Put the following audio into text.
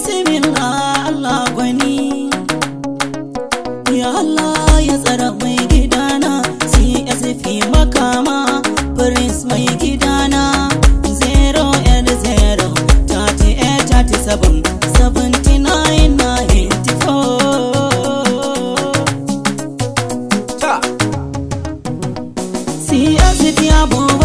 isimin Allah gwani ya Allah ya tsara mai gidana CSP makama prince mai gidana 080 38 37 79 94